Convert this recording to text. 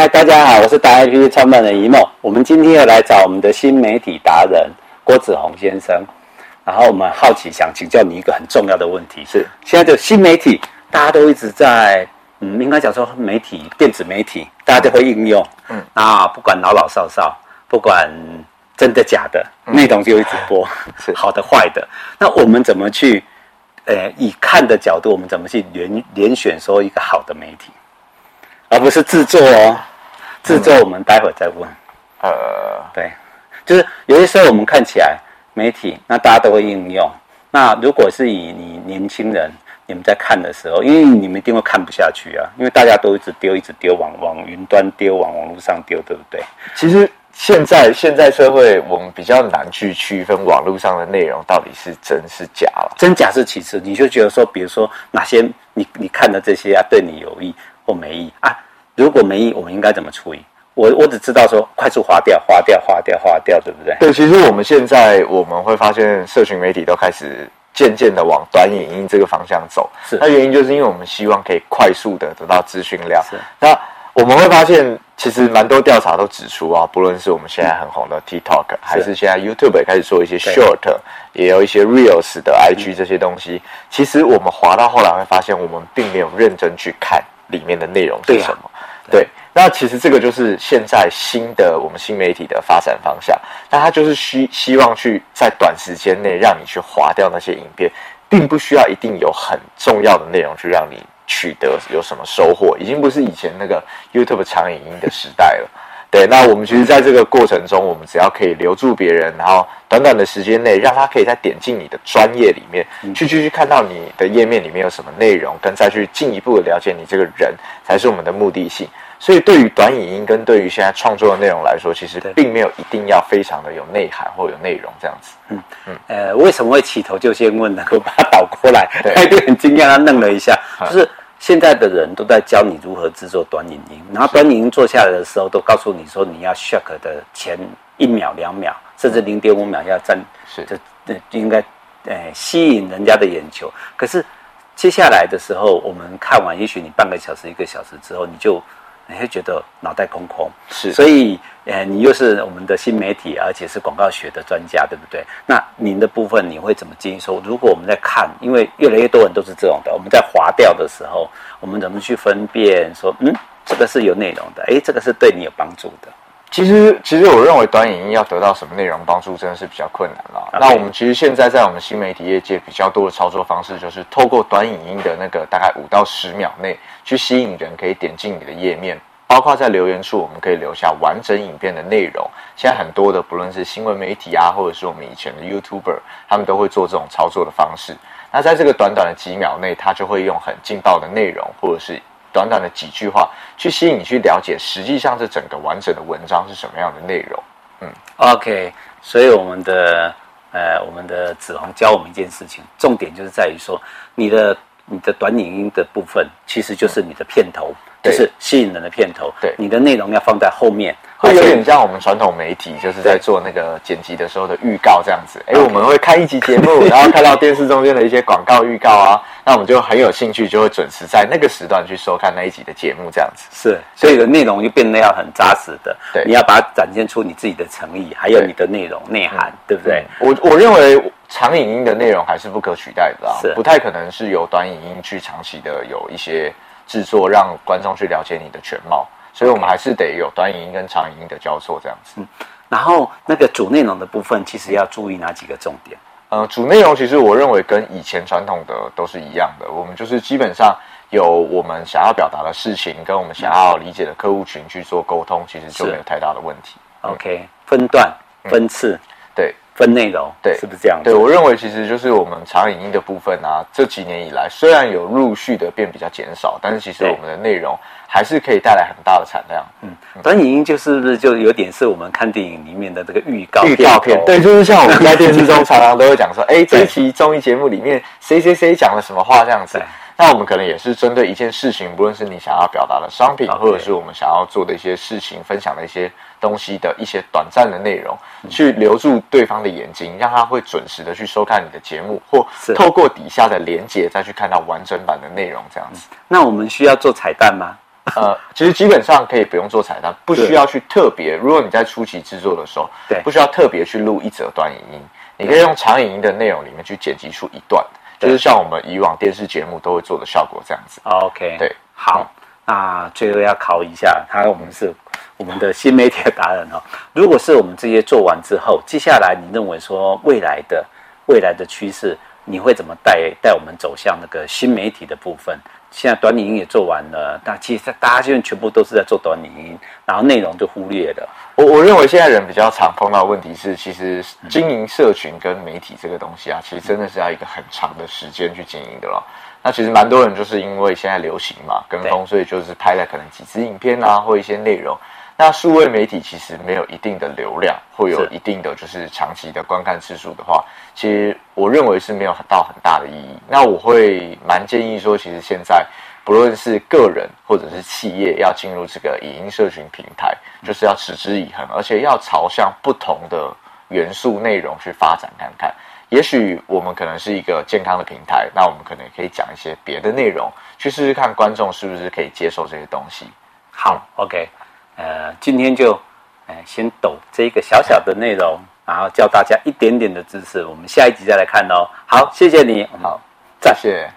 嗨，大家好，我是大 IP 創辦人怡夢。我們今天要來找我們的新媒體達人郭子鴻先生。然後我們好奇想請教你一個很重要的問題：是現在就新媒體，大家都一直在，嗯，應該講說媒體、電子媒體，大家都會應用。嗯，啊，不管老老少少，不管真的假的，內、嗯、容就一直播，嗯、 是好的壞的。那我們怎麼去，呃，以看的角度，我們怎麼去連連選說一個好的媒體？而不是製作哦，製作我們待會兒再問。呃、嗯，對，就是有些時候我們看起來媒體，那大家都會應用。那如果是以你年輕人，你們在看的時候，因為你們一定會看不下去啊，因為大家都一直丟，一直丟，往往雲端丟，往網絡上丟，對不對？其實現在、嗯、現在社會，我們比較難去區分網絡上的內容到底是真是假了。真假是其次，你就覺得說，比如說哪些你你看的這些啊，對你有益。我沒意啊？如果沒意，我們應該怎麼處理？我我只知道說，快速滑掉，滑掉，滑掉，滑掉，對不對？對，其實我們現在我們會發現，社群媒體都開始漸漸的往短影音這個方向走。是，那原因就是因為我們希望可以快速的得到資訊量。是，那我們會發現，其實蠻多調查都指出啊，不論是我們現在很紅的 TikTok，、嗯、還是現在 YouTube 也開始做一些 Short，也有一些 Reels 的 IG 這些東西。嗯、其實我們滑到後來會發現，我們並沒有認真去看裡面的內容是什麼？對啊，對。對，那其實這個就是現在新的我們新媒體的發展方向。那他就是希希望去在短時間內讓你去劃掉那些影片，並不需要一定有很重要的內容去讓你取得有什麼收穫，已經不是以前那個 YouTube 長影音的時代了。嗯對，那我們其實在這個過程中，我們只要可以留住別人，然後短短的時間內，讓他可以再點進你的專業裡面，去去去看到你的頁面裡面有什麼內容，跟再去進一步的了解你這個人，才是我們的目的性。所以，對於短影音跟對於現在創作的內容來說，其實並沒有一定要非常的有內涵或有內容這樣子。嗯嗯。呃，為什麼會起頭就先問呢？我把它倒過來，他一定很驚訝，他愣了一下，就是。現在的人都在教你如何製作短影音，音，然後短影音做下來的時候，都告訴你說你要 shock 的前一秒，兩秒，甚至零點五秒要占，是，就應該，誒、哎，吸引人家的眼球。可是接下來的時候，我們看完，也許你半個小時、一個小時之後，你就。你會覺得腦袋空空，是，所以，呃，你又是我們的新媒體，而且是廣告學的專家，對不對？那您的部分，你會怎麼經營？說，如果我們在看，因為越來越多人都是這種的，我們在滑掉的時候，我們怎麼去分辨？說，嗯，這個是有內容的，哎、欸，這個是對你有幫助的。其實，其實我認為短影音要得到什麼內容幫助，真的是比較困難了，啊。那我們其實現在在我們新媒體業界比較多的操作方式，就是透過短影音的那個大概五到十秒內，去吸引人可以點進你的頁面，包括在留言處我們可以留下完整影片的內容。現在很多的不論是新聞媒體啊，或者是我們以前的 YouTuber，他們都會做這種操作的方式。那在這個短短的幾秒內，他就會用很勁爆的內容，或者是。短短的幾句話去吸引你去了解，實際上這整個完整的文章是什麼樣的內容。嗯，OK，所以我們的呃，我們的子鴻教我們一件事情，重點就是在於說，你的你的短影音的部分其實就是你的片頭、嗯，就是吸引人的片頭。對，你的內容要放在後面。會有點像我們傳統媒體，就是在做那個剪輯的時候的預告這樣子。哎，我們會看一集節目， 然後看到電視中間的一些廣告預告啊，那我們就很有興趣，就會準時在那個時段去收看那一集的節目這樣子。是，所以的內容就變得要很紮實的。對，你要把它展現出你自己的誠意，還有你的內容內涵、嗯，對不對？我我認為長影音的內容還是不可取代的、啊，是不太可能是由短影音去長期的有一些製作，讓觀眾去了解你的全貌。所以，我們還是得有短影音跟長影音的交錯這樣子。嗯，然後那個主內容的部分，其實要注意哪幾個重點？呃，主內容其實我認為跟以前傳統的都是一樣的，我們就是基本上有我們想要表達的事情，跟我們想要理解的客戶群去做溝通，其實就沒有太大的問題。嗯、OK，分段分次。嗯分內容，對，是不是這樣子？對，我認為，其實就是我們長影音的部分啊。這幾年以來，雖然有陸續的變比較減少，但是其實我們的內容還是可以帶來很大的產量。嗯，短、嗯、影音就是不是就有點是我們看電影裡面的這個預告預告片，告片、喔？對，就是像我們在電視中常常，常都會講說，哎、 欸，這一期綜藝節目裡面誰誰誰講了什麼話這樣子。那我們可能也是針對一件事情，不論是你想要表達的商品的，或者是我們想要做的一些事情，分享的一些。東西的一些短暫的內容、嗯，去留住對方的眼睛，讓他會準時的去收看你的節目，或透過底下的連接再去看到完整版的內容，這樣子、嗯。那我們需要做彩蛋嗎？呃，其實基本上可以不用做彩蛋，不需要去特別。如果你在初期製作的時候，對，不需要特別去錄一則短影音，你可以用長影音的內容裡面去剪輯出一段，就是像我們以往電視節目都會做的效果這樣子。哦、OK，對，好，那、嗯啊、最後要考一下他、嗯啊，我們是。我們的新媒體的達人哈，如果是我們這些做完之後，接下來你認為說未來的未來的趨勢，你會怎麼帶帶我們走向那個新媒體的部分？現在短影音也做完了，那其實大家現在全部都是在做短影音，然後內容就忽略了。我我認為現在人比較常碰到的問題是，其實經營社群跟媒體這個東西啊，其實真的是要一個很長的時間去經營的咯。那其實蠻多人就是因為現在流行嘛，跟風，所以就是拍了可能幾支影片啊，或一些內容。那數位媒體其實沒有一定的流量，會有一定的就是長期的觀看次數的話，其實我認為是沒有很到很大的意義。那我會蠻建議說，其實現在不論是個人或者是企業要進入這個影音社群平台，就是要持之以恆，而且要朝向不同的元素內容去發展看看。也許我們可能是一個健康的平台，那我們可能也可以講一些別的內容，去試試看觀眾是不是可以接受這些東西。好，OK。呃，今天就，哎、呃，先抖這個小小的內容，然後教大家一點點的知識，我們下一集再來看哦。好，謝謝你，好，再見。